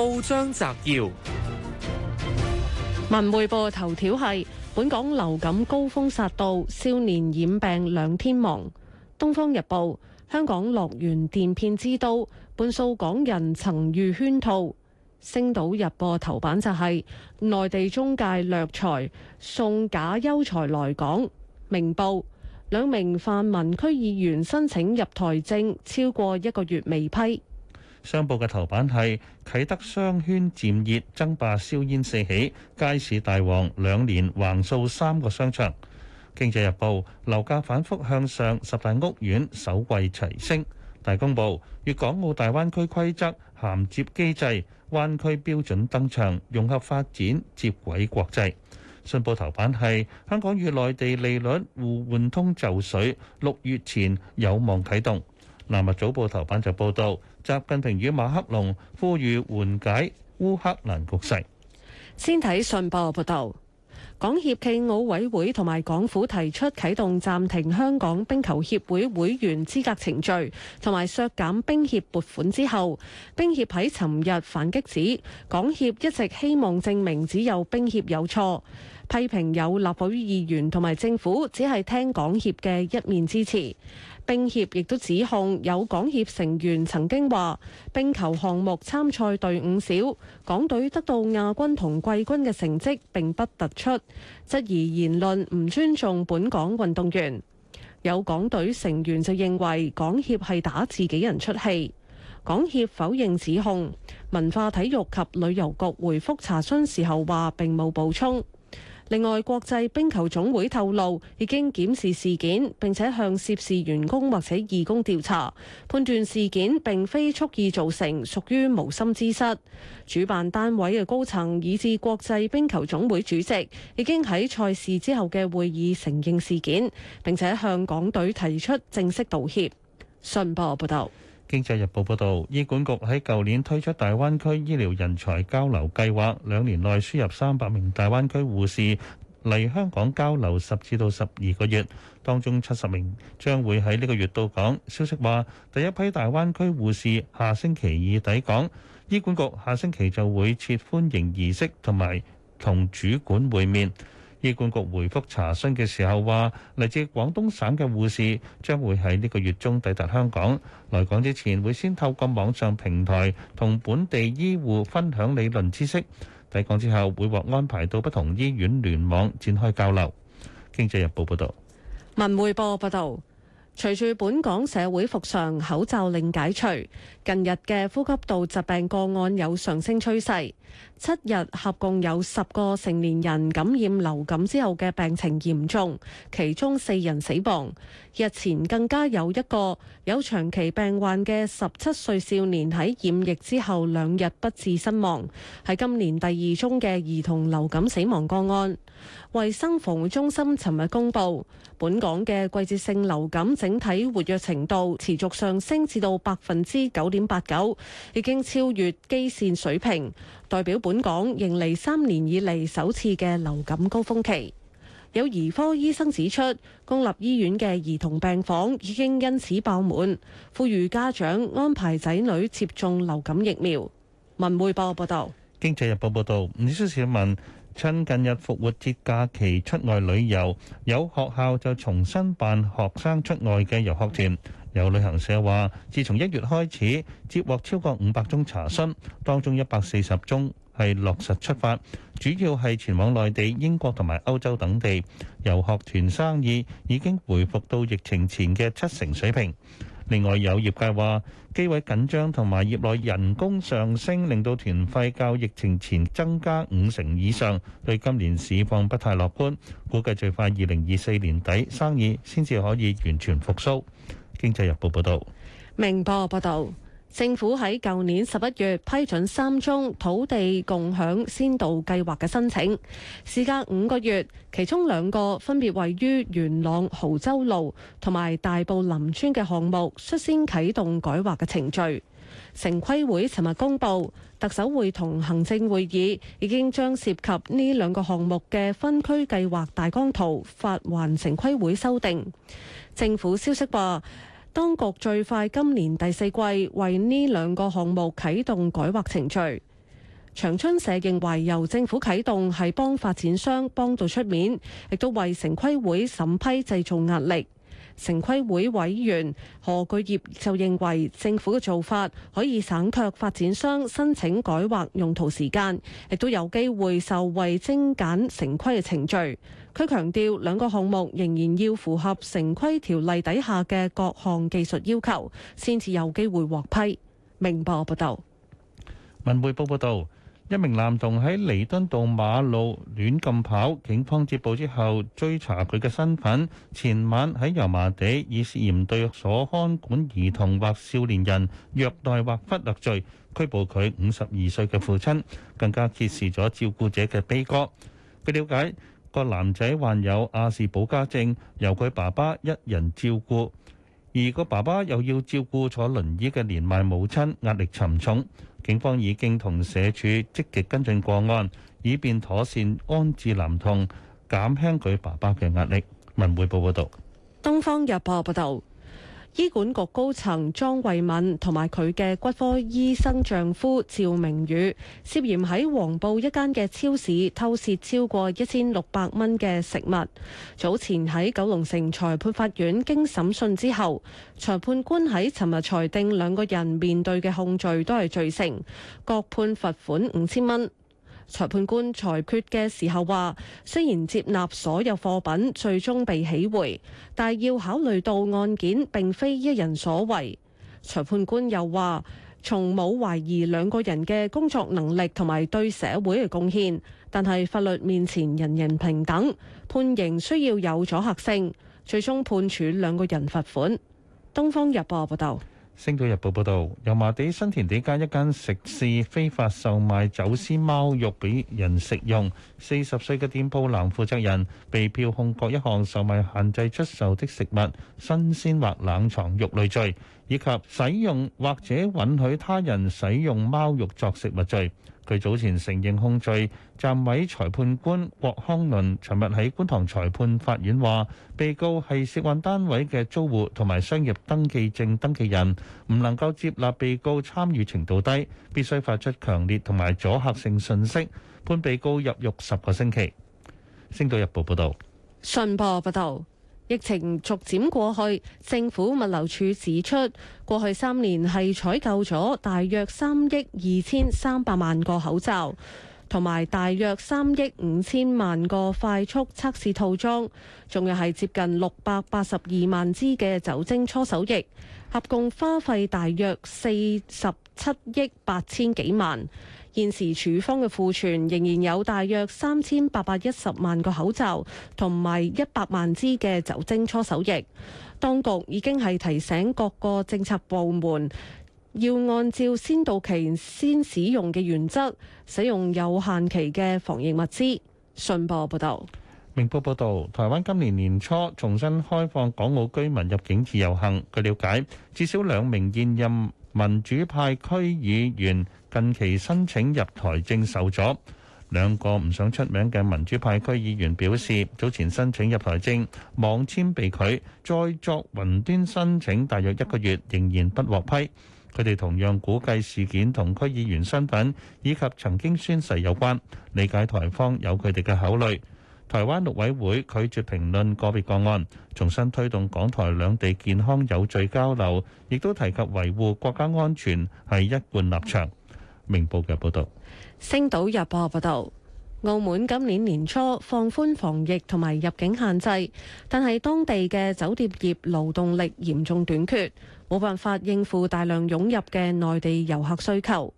報章摘要：文匯報頭條係本港流感高峰殺到，少年染病兩天亡。東方日報：香港樂園電騙之都，半數港人曾遇圈套。星島日報頭版就係內地中介掠財，送假優才來港。明報：兩名泛民區議員申請入台證，超過一個月未批。商報嘅頭版係啟德商圈漸熱，爭霸硝煙四起，街市大王兩年橫掃三個商場。經濟日報樓價反覆向上，十大屋苑首季齊升。大公報粵港澳大灣區規則銜接機制，灣區標準登場，融合發展接軌國際。信報頭版係香港與內地利率互換通就緒，六月前有望啟動。南華早報頭版就報道，習近平與馬克龍呼籲緩解烏克蘭局勢。先睇信報報道，港協暨奧委會同埋港府提出啟動暫停香港冰球協會會員資格程序同埋削減冰協撥款之後，冰協喺尋日反擊指，港協一直希望證明只有冰協有錯，批評有立法會議員同埋政府只係聽港協嘅一面之詞。冰協亦都指控有港協成員曾經話冰球項目參賽隊伍少，港隊得到亞軍同季軍嘅成績並不突出，質疑言論唔尊重本港運動員。有港隊成員就認為港協係打自己人出氣。港協否認指控。文化體育及旅遊局回覆查詢時候話並冇補充。另外，國際冰球總會透露已經檢視事件，並且向涉事員工或者義工調查，判斷事件並非蓄意造成，屬於無心之失。主辦單位嘅高層以至國際冰球總會主席已經喺賽事之後嘅會議承認事件，並且向港隊提出正式道歉。信報報道。經濟日報報導，醫管局喺舊年推出大灣區醫療人才交流計劃，兩年內輸入三百名大灣區護士嚟香港交流十至到十二個月，當中七十名將會喺呢個月到港。消息話，第一批大灣區護士下星期二抵港，醫管局下星期就會設歡迎儀式同埋同主管會面。醫管局回覆查詢嘅時候話，嚟自廣東省嘅護士將會喺呢個月中抵達香港。來港之前會先透過網上平台同本地醫護分享理論知識。抵港之後會獲安排到不同醫院聯網展開交流。經濟日報報道，文匯報報道。隨住本港社會復常，口罩令解除，近日嘅呼吸道疾病個案有上升趨勢。七日合共有十個成年人感染流感之後嘅病情嚴重，其中四人死亡。日前更加有一個有長期病患嘅十七歲少年喺染疫之後兩日不治身亡，係今年第二宗嘅兒童流感死亡個案。衛生防護中心尋日公布，本港嘅季節性流感整體活躍程度持續上升，至到百分之九點八九，已經超越基線水平，代表本港迎嚟三年以嚟首次嘅流感高峰期。有兒科醫生指出，公立醫院嘅兒童病房已經因此爆滿，呼籲家長安排仔女接種流感疫苗。文匯報報道，經濟日報報道，唔少市民，趁近日復活節假期出外旅遊，有學校就重新辦學生出外嘅遊學團。有旅行社話，自從一月開始，接獲超過五百宗查詢，當中一百四十宗係落實出發，主要係前往內地、英國同埋歐洲等地。遊學團生意已經回復到疫情前嘅七成水平。另外有業界話，機位緊張同埋業內人工上升，令到團費較疫情前增加五成以上，對今年市況不太樂觀。估計最快二零二四年底生意先至可以完全復甦。經濟日報報導。明報報導。政府喺舊年十一月批准三宗土地共享先導計劃嘅申請，事隔五個月，其中兩個分別位於元朗濠州路同埋大埔林村嘅項目，率先啟動改劃嘅程序。城規會尋日公佈，特首會同行政會議已經將涉及呢兩個項目嘅分區計劃大綱圖發還城規會修訂。政府消息話。當局最快今年第四季為呢兩個項目啟動改劃程序。長春社認為，由政府啟動係幫發展商幫到出面，亦都為城規會審批製造壓力。城規會委員何巨業就認為，政府嘅做法可以省卻發展商申請改劃用途時間，亦都有機會受惠精簡城規嘅程序。佢強調，兩個項目仍然要符合城規條例底下嘅各項技術要求，先至有機會獲批。明報報道，文匯報報道。一名男童喺彌敦道馬路亂咁跑，警方接報之後追查佢嘅身份。前晚喺油麻地，以涉嫌對所看管兒童或少年人虐待或忽略罪拘捕佢五十二歲嘅父親，更加揭示咗照顧者嘅悲歌。據了解，個男仔患有亞氏保加症，由佢爸爸一人照顧，而個爸爸又要照顧坐輪椅嘅年邁母親，壓力沉重。警方已經同社署積極跟進個案，以便妥善安置男童，減輕佢爸爸嘅壓力。文匯報報導，東方日報報導。醫管局高層莊慧敏同埋佢嘅骨科醫生丈夫趙明宇涉嫌喺黃埔一間嘅超市偷竊超過一千六百蚊嘅食物。早前喺九龍城裁判法院經審訊之後，裁判官喺尋日裁定兩個人面對嘅控罪都係罪成，各判罰款五千蚊。裁判官裁決嘅時候話，雖然接納所有貨品最終被起回，但係要考慮到案件並非一人所為。裁判官又話，從冇懷疑兩個人嘅工作能力同埋對社會嘅貢獻，但係法律面前人人平等，判刑需要有阻嚇性。最終判處兩個人罰款。東方日報報道。星島日報報導，油麻地新田地街一間食肆非法售賣走私貓肉畀人食用，四十歲嘅店鋪男負責人被票控各一項售賣限制出售的食物、新鮮或冷藏肉類罪，以及使用或者允許他人使用貓肉作食物罪。佢早前承認控罪，暫委裁判官郭康倫，尋日喺觀塘裁判法院話，被告係涉案單位嘅租戶同埋商業登記證登記人，唔能夠接納被告參與程度低，必須發出強烈同埋阻嚇性訊息。判被告入獄十個星期。星島日報報道：「信報報道。」疫情逐漸過去，政府物流處指出，過去三年係採購咗大約三億二千三百萬個口罩，同埋大約三億五千萬個快速測試套裝，仲有係接近六百八十二萬支嘅酒精搓手液，合共花費大約四十七億八千幾萬。現時處方嘅庫存仍然有大約三千八百一十萬個口罩，同埋一百萬支嘅酒精搓手液。當局已經係提醒各個政策部門，要按照先到期先使用嘅原則，使用有限期嘅防疫物資。信報報道：「明報報道，台灣今年年初重新開放港澳居民入境自由行。據了解，至少兩名現任民主派區議員，近期申請入台證受阻，兩個唔想出名嘅民主派區議員表示，早前申請入台證網簽被拒，再作雲端申請，大約一個月仍然不獲批。佢哋同樣估計事件同區議員身份以及曾經宣誓有關，理解台方有佢哋嘅考慮。台灣陸委會拒絕評論個別個案，重新推動港台兩地健康有序交流，亦都提及維護國家安全係一貫立場。明報嘅報道，星島日報嘅報道，澳門今年年初放寬防疫同埋入境限制，但係當地嘅酒店業勞動力嚴重短缺，冇辦法應付大量湧入嘅內地遊客需求。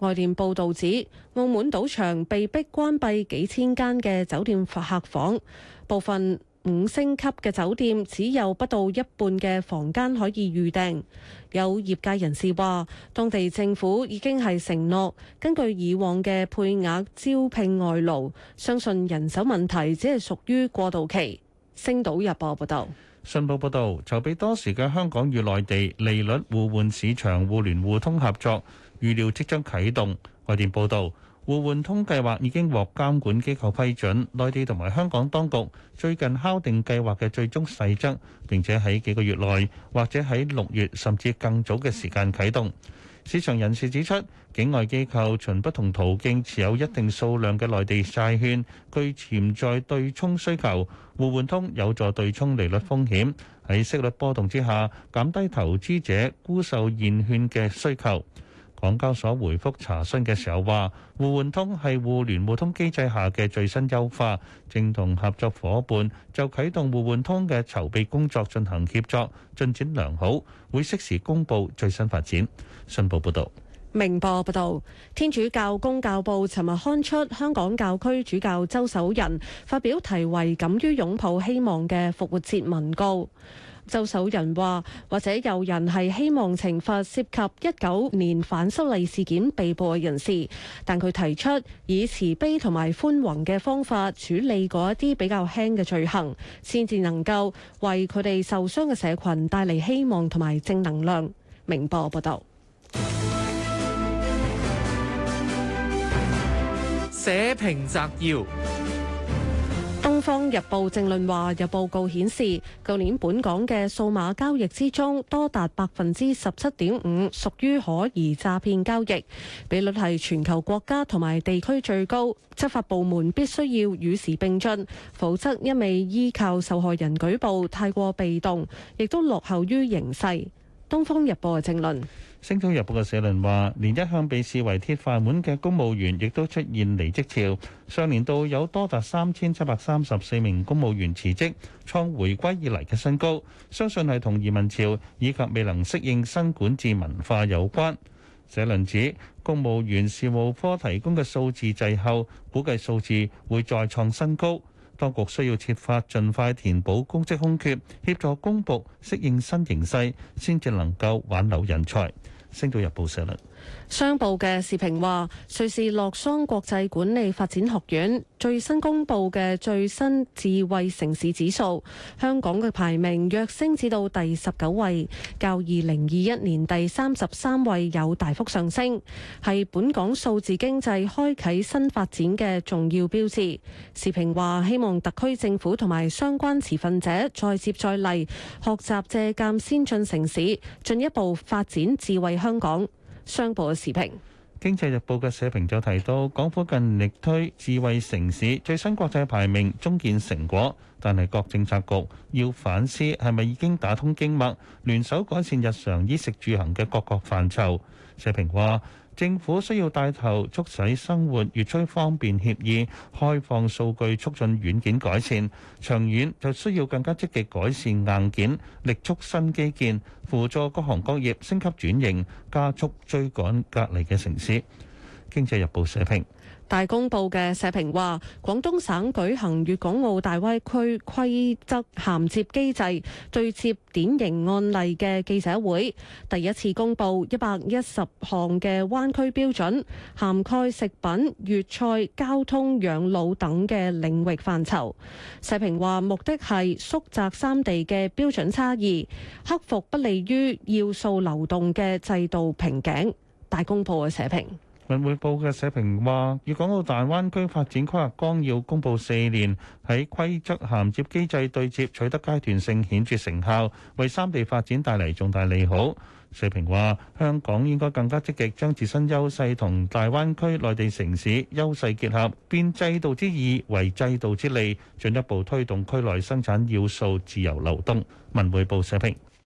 外電報道指，澳門賭場被迫關閉幾千間嘅酒店客房，部分，五星級嘅酒店只有不到一半嘅房間可以預訂。有業界人士話，當地政府已經係承諾根據以往嘅配額招聘外勞，相信人手問題只係屬於過渡期。星島日報報道，信報報道籌備多時嘅香港與內地利率互換市場互聯互通合作預料即將啟動，外電報道，互換通計劃已經獲監管機構批准，內地同埋香港當局最近敲定計劃嘅最終細則，並且喺幾個月內或者喺六月甚至更早嘅時間啟動。市場人士指出，境外機構循不同途徑持有一定數量嘅內地債券，具潛在對沖需求。互換通有助對沖利率風險，喺息率波動之下減低投資者沽售現券嘅需求。港交所回覆查詢嘅時候話，互換通係互聯互通機制下嘅最新優化，正同合作伙伴就啟動互換通嘅籌備工作進行協作，進展良好，會適時公佈最新發展。信報報導，明報報道：「天主教公教報尋日刊出香港教區主教周守仁發表題為《敢於擁抱希望嘅復活節文告》。周守仁話，或者有人係希望懲罰涉及一九年反修例事件被捕嘅人士，但佢提出以慈悲同埋寬宏嘅方法處理嗰一啲比較輕嘅罪行，先至能夠為佢哋受傷嘅社群帶嚟希望同埋正能量。明報報道，社評摘要。《方日報正論》話：有報告顯示，舊年本港嘅數碼交易之中，多達百分之十七點五屬於可疑詐騙交易，比率係全球國家同埋地區最高。執法部門必須要與時並進，否則因為依靠受害人舉報太過被動，亦都落後於形勢。《東方日報》嘅正論。星島日報嘅社論話：連一向被視為鐵飯碗嘅公務員，亦都出現離職潮。上年度有多達三千七百三十四名公務員辭職，創回歸以嚟嘅新高。相信係同移民潮以及未能適應新管治文化有關。社論指，公務員事務科提供嘅數字滯後，估計數字會再創新高。當局需要設法盡快填補公職空缺，協助公僕適應新形勢，先至能夠挽留人才。星島日報消息。商報嘅時評話，瑞士洛桑國際管理發展學院最新公布嘅最新智慧城市指數，香港嘅排名躍升至到第十九位，較二零二一年第三十三位有大幅上升，係本港數字經濟開啟新發展嘅重要標誌。時評話，希望特區政府同埋相關持份者再接再厲，學習借鑒先進城市，進一步發展智慧香港。商報嘅時評，《經濟日報》嘅社評就提到，港府近日力推智慧城市最新國際排名終見成果，但係各政策局要反思係咪已經打通經脈，聯手改善日常衣食住行嘅各個範疇。社評話。政府需要帶頭促使生活越趨方便、協議開放數據促進軟件改善。長遠就需要更加積極改善硬件，力促新基建，輔助各行各業升級轉型，加速追趕隔離嘅城市。經濟日報社評。大公報嘅社評話：廣東省舉行粵港澳大灣區規則銜接機制對接典型案例嘅記者會，第一次公佈一百一十項嘅灣區標準，涵蓋食品、粵菜、交通、養老等嘅領域範疇。社評話目的係縮窄三地嘅標準差異，克服不利於要素流動嘅制度瓶頸。大公報嘅社評。文匯報嘅社評話，粵港澳大灣區發展規劃綱要公佈四年，喺規則銜接機制對接取得階段性顯著成效，為三地發展帶嚟重大利好。社評話，香港應該更加積極，將自身優勢同大灣區內地城市優勢結合，變制度之異為制度之利，進一步推動區內生產要素自由流動。文匯報社評。